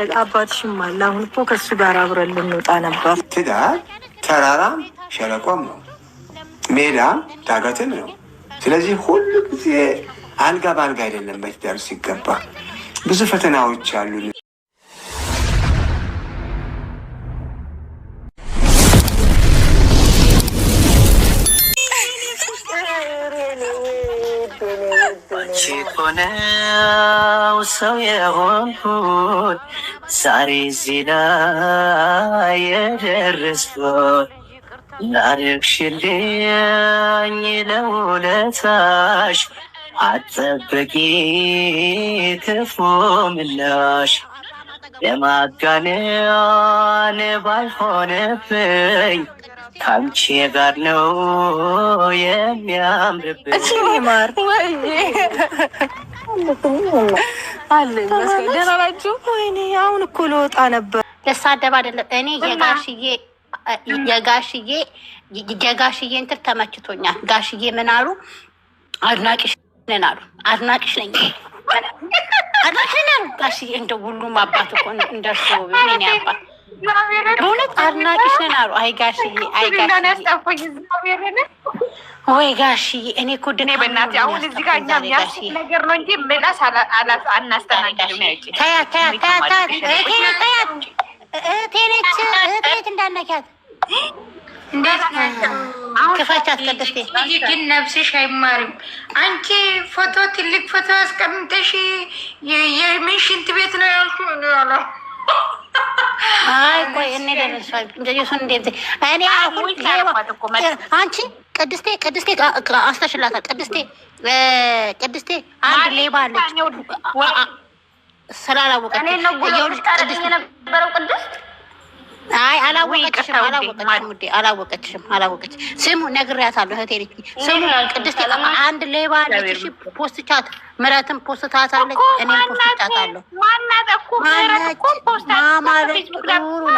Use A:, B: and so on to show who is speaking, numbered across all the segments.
A: አለ አባትሽም አለ። አሁን እኮ ከሱ ጋር አብረን ልንወጣ ነበር።
B: ትዳር ተራራም ሸለቆም ነው፣ ሜዳም ዳገትም ነው። ስለዚህ ሁሉ ጊዜ አልጋ በአልጋ አይደለም በትዳር ሲገባ ብዙ ፈተናዎች አሉ።
C: ሆነው ሰው የሆንኩት ዛሬ ዜና የደረስኩት ላደረግሽልኝ ለውለታሽ አጠበቂ ክፉ ምላሽ ለማጋነን ባልሆነብኝ ከአንቺ ጋር ነው የሚያምርብሽ።
A: ደህና ናችሁ? ወይኔ አሁን እኮ ልወጣ ነበር።
D: ልሳደብ አይደለም እኔ የጋሽዬ የጋሽዬ የጋሽዬ እንትን ተመችቶኛል። ጋሽዬ ምን አሉ? አድናቂሽ ነን አሉ። አድናቂሽ ነኝ አድናቂሽ ነን ጋሽዬ። እንደ ሁሉም አባት እኮ እንደርሱ አባት እውነት አድናቂሽ ነን አሉ። አይ ጋሽዬ፣ አይ ወይ ጋሽዬ፣ እኔ እኮ ድኔ
E: በእናትህ አሁን እዚህ ጋር እኛ የሚያስቅ ነገር ነው እንጂ ምላስ አናስተናግድም።
D: ተያት አይማርም።
F: አንቺ ፎቶ ትልቅ ፎቶ አስቀምጠሽ የምን ሽንት ቤት ነው ያልኩ
D: አይ ቆይ እኔ ደረሷል አንቺ ቅድስቴ ቅድስቴ አስተሽላታል። ቅድስቴ ቅድስቴ አንድ ሌባ አለች ስላላወቀች ቅድስት አይ አላወቀችም፣ አላወቀችም ውዴ፣ አላወቀችም፣ ስሙ ነግሬያታለሁ፣ እህቴ ልጅ ስሙ ቅድስት አንድ ሌባ ልጅ እሺ፣ ፖስት ቻት ምረትም ፖስት ታታለች፣ እኔም ፖስት ቻታለሁ።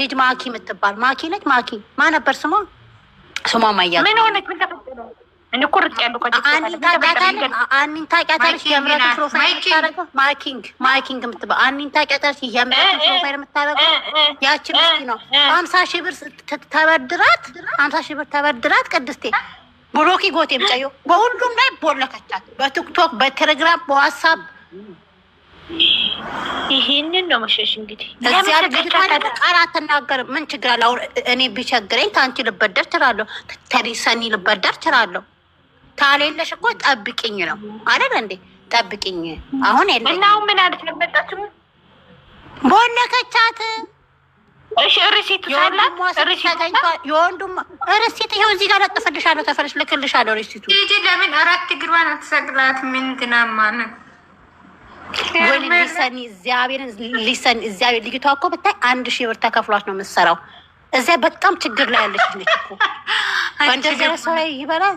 D: ልጅ ማኪ የምትባል ማኪ ነች። ማኪ ማ ነበር ስሟ? ስሟ ማያ
E: ምን ሆነች? ምን ተፈጠረ? እንቁርጥ ያሉ
D: አኒን ታውቂያታለሽ? ፕሮፋይል አኒን ታውቂያታለሽ? ፕሮፋይል የምታደርገው ያቺ ምስኪ ነው። ሀምሳ ሺህ ብር ተበድራት ሀምሳ ሺህ ብር ተበድራት ቅድስቴ ጎቴ በሁሉም ላይ ቦለከቻት። በቲክቶክ፣ በቴሌግራም፣ በዋትሳፕ
A: ይሄንን ነው መሸሽ። እንግዲህ
D: እዚያ ቃል አትናገርም። ምን ችግር አለ? እኔ ቢቸግረኝ ታንቺ ልበደር ችላለሁ፣ ተሪሰኒ ልበደር ችላለሁ። ታሌለሽ እኮ ጠብቅኝ ነው አይደል እንዴ? ጠብቅኝ አሁን የለ
E: እና አሁን ምን አለች መጣችሁ?
D: ቦነከቻት። እሺ ርሲት ሳላት የወንዱም ርሲት ይኸው እዚህ ጋር ለጥፍልሻለሁ፣ ተፈልሽ ልክልሻለሁ። ርሲቱ
F: ሂጂ። ለምን አራት ግርባን አትሰቅላት? ምን ትናማ ነው
D: ሊሰኒ እግዚአብሔርን ሊሰን እግዚአብሔር ልጅቷ እኮ ብታይ አንድ ሺህ ብር ተከፍሏት ነው የምትሰራው። እዚያ በጣም ችግር ላይ ያለች ነች እኮ በእንደዚያ ሰው ላይ ይበላል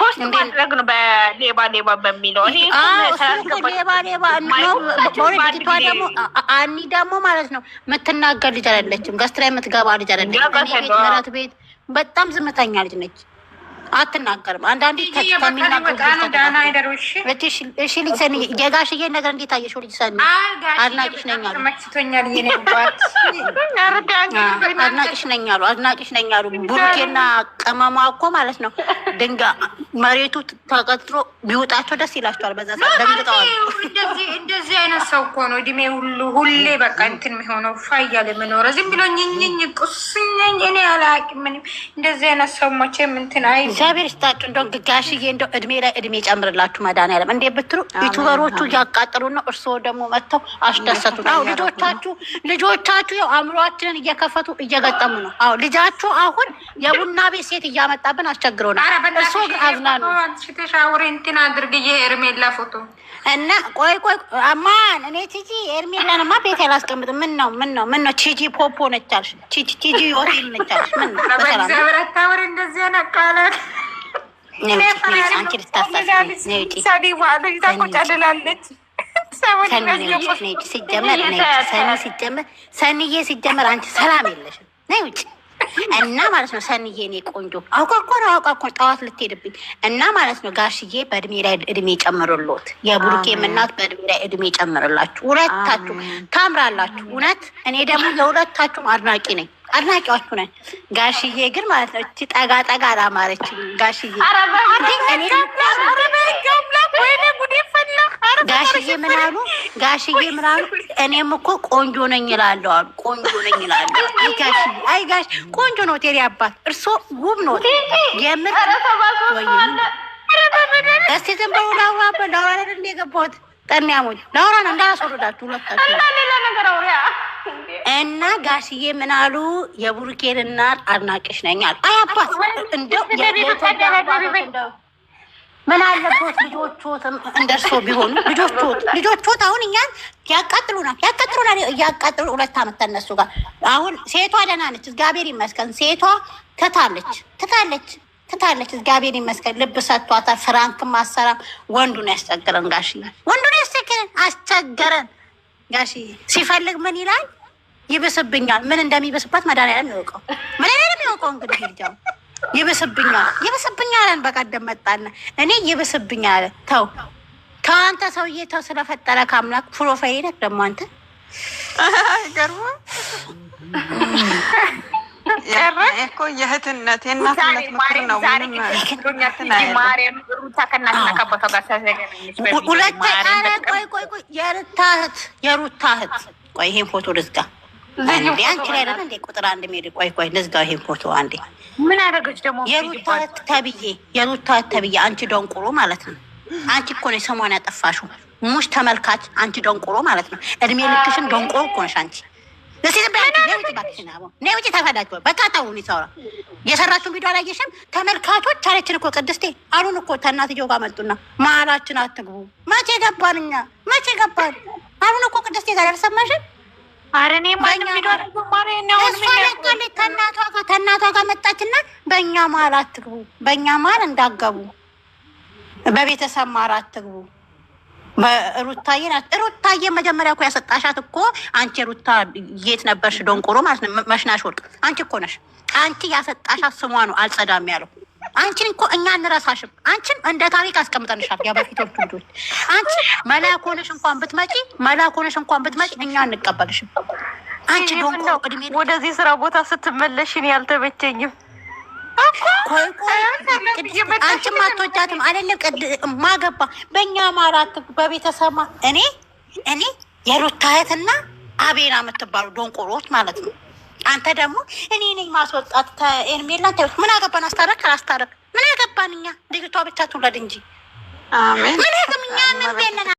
E: ፖስት ማድረግ ነው። በሌባ ሌባ በሚለው
D: ሌባ ሌባ በሁለቷ ደግሞ አኒ ደግሞ ማለት ነው የምትናገር ልጅ አይደለችም። ገስት ላይ የምትገባ ልጅ አይደለችም። ቤት መራት ቤት በጣም ዝምተኛ ልጅ ነች። አትናገርም። አንዳንዴ እሺ ልጅ ሰኒ የጋሽዬን ነገር እንዴት አየሽው? ልጅ ሰኒ አድናቂሽ ነኝ አሉ፣ አድናቂሽ ነኛሉ አድናቂሽ ነኝ ቡሩኬና ቀመማ እኮ ማለት ነው ድንጋ መሬቱ ተቀጥሮ ቢወጣቸው ደስ ይላቸዋል። በዛ
F: ሰዓት ደንግጠዋል። እንደዚህ አይነት ሰው እኮ ነው እድሜ ሁሉ ሁሌ በቃ እንትን የሚሆነው ፋያ ለመኖረ ዝም ብሎ ኝኝኝ ቁስኝ እኔ አላውቅም። ምንም እንደዚህ አይነት ሰው መቼም እንትን አይ
D: እግዚአብሔር ይስጣችሁ። እንደው ጋሽዬ እንደው እድሜ ላይ እድሜ ጨምርላችሁ መድኃኒዓለም እንዴ ብትሉ ዩቱበሮቹ እያቃጠሉ ነው፣ እርስዎ ደግሞ መጥተው አስደሰቱ። አዎ ልጆቻችሁ ልጆቻችሁ ያው አእምሯችንን እየከፈቱ እየገጠሙ ነው። አዎ ልጃችሁ አሁን የቡና ቤት ሴት እያመጣብን አስቸግረው ነው።
E: እርስዎ አዝና ነው ተሻውሪ እንትን አድርግዬ ኤርሜላ ፎቶ
D: እና ቆይ ቆይ አማን እኔ ቲጂ ኤርሜላንማ ቤት አላስቀምጥም። ምን ነው ምን ነው ምን ነው ቲጂ ፖፖ ነቻል ቲጂ ቲጂ ዮቲል ልጫወት ምን
E: በእግዚአብሔር አታወሪ
D: እንደዚህ ሲጀመር ሰኒዬ ሲጀመር አንቺ ሰላም የለሽም። ነይ ውጭ እና ማለት ነው ሰኒዬ፣ እኔ ቆንጆ አውቃ እኮ ነው አውቃ እኮ ጠዋት ልትሄድብኝ እና ማለት ነው ጋሽዬ፣ በእድሜ ላይ እድሜ ጨምርሎት፣ የቡሩኬ እናት በእድሜ ላይ እድሜ ጨምርላችሁ። ሁለታችሁ ታምራላችሁ። እውነት እኔ ደግሞ የሁለታችሁም አድናቂ ነኝ። አድናቂዎቹ ነን። ጋሽዬ ግን ማለት ነው እቺ ጠጋ ጠጋ አላማረች። ጋሽዬ ጋሽዬ ምን አሉ? ጋሽዬ ምን አሉ? እኔም እኮ ቆንጆ ነኝ ይላለሁ አሉ። ቆንጆ ነኝ ይላለሁ። ጋሽዬ አይ ጋሽ ቆንጆ ነው። ቴሪ አባት እርሶ ውብ ነው። የምር እስቲ ዝም ብሎ ላውራ በላውራ እንደ የገባሁት ጠንያሞኝ ላውራ ነው እንዳላስወረዳችሁ
E: ሁለታችሁ
D: እና ጋሽዬ ምን አሉ? የቡርኬን እናት አድናቂሽ ነኝ አሉ። አይ አባት እንደው ምን አለበት ልጆችዎትም እንደርሶ ቢሆኑ ልጆችዎት ልጆችዎት አሁን እኛን ያቃጥሉናል ያቃጥሉናል እያቃጥሉ ሁለት አመት ተነሱ ጋር አሁን ሴቷ ደህና ነች፣ እግዚአብሔር ይመስገን። ሴቷ ትታለች ትታለች ትታለች፣ እግዚአብሔር ይመስገን። ልብ ሰጥቷታል። ፍራንክ ማሰራ ወንዱን ያስቸግረን ጋሽ ወንዱን ያስቸግረን አስቸገረን ጋሽ ሲፈልግ ምን ይላል ይበስብኛል። ምን እንደሚበስባት መድኃኒዓለም ያውቀው፣ መድኃኒዓለም ያውቀው። እንግዲህ ልጃው ይበስብኛል፣ አለን በቀደም መጣና እኔ ይበስብኛል። ተው ተው፣ አንተ ሰውዬ ተው። ስለፈጠረ ከአምላክ ፕሮፋይል ደግሞ አንተ
E: ገርሞ
F: እኮ የእህትነት የእናትነት ምክር ነው።
D: ሁለተኛ ቆይ ቆይ ቆይ የሩታ እህት የሩታ እህት ቆይ ይሄን ፎቶ ልዝጋ። አንቺ ላይ አይደለ እንዴ ቁጥር አንድ ሜድ ቆይ ቆይ ልዝጋው ይሄን ፎቶ አንዴ
E: ምን አደረገች ደግሞ
D: የሩታ ተብዬ የሩታ ተብዬ አንቺ ደንቁሮ ማለት ነው አንቺ እኮ ነሽ ሰሞን ያጠፋሹ ሙሽ ተመልካች አንቺ ደንቁሮ ማለት ነው እድሜ ልክሽን ደንቁሮ እኮ ነሽ አንቺ ውጭ ተፈዳጅ በቃጣው ሁኔታው የሰራችሁን ቪዲዮ አላየሽም ተመልካቾች አለችን እኮ ቅድስቴ አሉን እኮ ተእናትየው ጋር መጡና መሀላችን አትግቡ መቼ ገባን እኛ መቼ ገባን አሉን እኮ ቅድስቴ ጋር ያልሰማሽን
E: አረኔ ማንም
D: ከእናቷ ጋር መጣችና በእኛ መሀል አትግቡ፣ በእኛ መሀል እንዳገቡ በቤተሰብ መሀል አትግቡ። ሩታዬ ሩታዬ መጀመሪያ እኮ ያሰጣሻት እኮ አንቺ ሩታ የት ነበርሽ? ደንቆሮ ማለት ነው መሽናሽ ወርቅ አንቺ እኮ ነሽ። አንቺ ያሰጣሻት ስሟ ነው አልጸዳም ያለው አንቺን እኮ እኛ እንረሳሽም። አንቺን እንደ ታሪክ አስቀምጠንሻል። ያ በፊቶቹ ልጆች አንቺ መላኮነሽ እንኳን ብትመጪ መላኮነሽ እንኳን ብትመጪ እኛ እንቀበልሽም። አንቺ
E: ወደዚህ ስራ ቦታ ስትመለሽን ያልተመቸኝም
D: አንቺም አትወዳትም አይደለም። ማገባ በእኛ ማራት በቤተሰማ እኔ እኔ የሩታየትና አቤና የምትባሉ ዶንቆሮች ማለት ነው አንተ ደግሞ እኔ ነኝ ማስወጣት ኤርሜላ ተውት። ምን አገባን? አስታረቅ አላስታረቅ ምን አገባን? እኛ ልጅቷ ብቻ ትውለድ እንጂ ምን እኛ ምን ቤነና